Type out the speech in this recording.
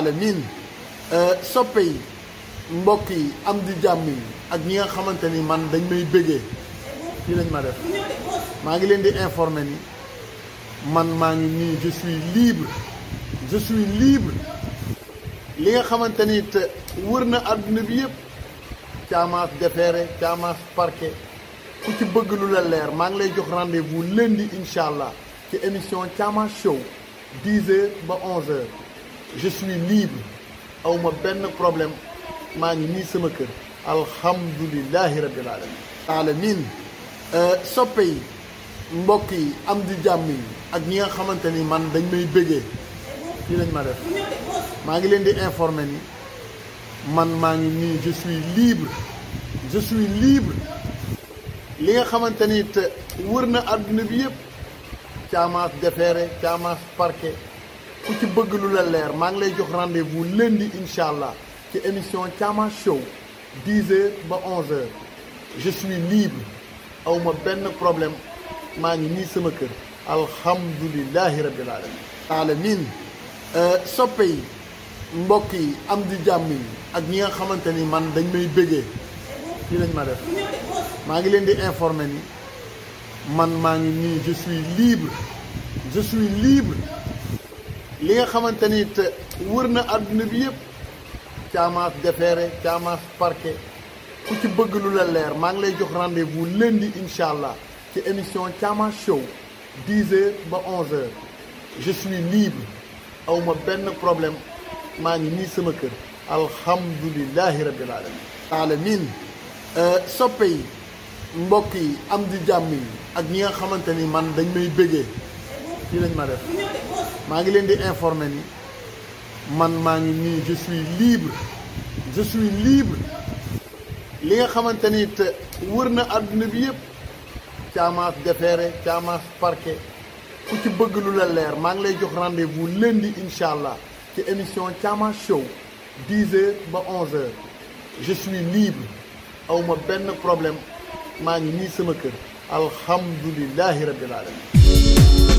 alamin euh, soppe yi mbokk yi am di jàmm yi ak ñi nga xamante ni man dañ may bëggee fii lañ ma def maa ngi leen di informer ni man maa ngi nii je suis libre je libre li nga xamante ni wër na àdduna bi yëpp caamaas defeere caamaas parquet ku ci bëgg lu la leer maa ngi lay jox rendez-vous lundi incha allah ci émission caamaas show 10 ba 11 je suis libre aw ma benn problème maa ngi nii sama kër alhamdulilahi rabbil alamin alamin euh, soppe yi mbokk yi am di jàmm yi ak ñi nga xamante ni man dañ may bëggee fii lañ ma def maa ngi leen di informer ni man maa ngi nii je suis libre je libre li nga xamante ni wër na àdduna bi yépp caamaas defeere caamaas parquet ku ci bëgg lu la leer maa ngi lay jox rendez leen di incha allah ci émission Thiaman Show 10 heures ba 11 heures libre awma benn problème maa ngi nii sama kër alhamdulilahi rabbil la alamin euh, soppe yi mbokk yi am di jàmm yi ak ñi nga xamante ni man dañ may bëggee fii lañ ma def maa ngi leen di informer ni man maa ngi nii je suis libre je libre li nga xamante ni wër na àdduna bi yëpp caamaas defeere caamaas parquet ku ci bëgg lu la leer maa ngi lay jox rendez-vous lundi incha allah ci émission caamaas show 10 heures ba 11 heures je libre aw ma benn problème maa ngi nii sama kër alhamdulilahi rabbil alamin alamin euh, soppe yi mbokk yi am di jàmm yi ak ñi nga xamante ni man dañ may bëggee fii lañ ma def maa ngi leen di informer ni man maa ngi nii je suis libre je libre li nga xamante ni wër na àdduna bi yëpp caamaas defeere caamaas parquet ku ci bëgg lu la leer maa ngi lay jox rendez-vous lundi incha allah ci émission caamaas show 10 heures ba 11 heures je suis libre benn problème maa ngi nii sama kër alhamdulilahi rabbil alamin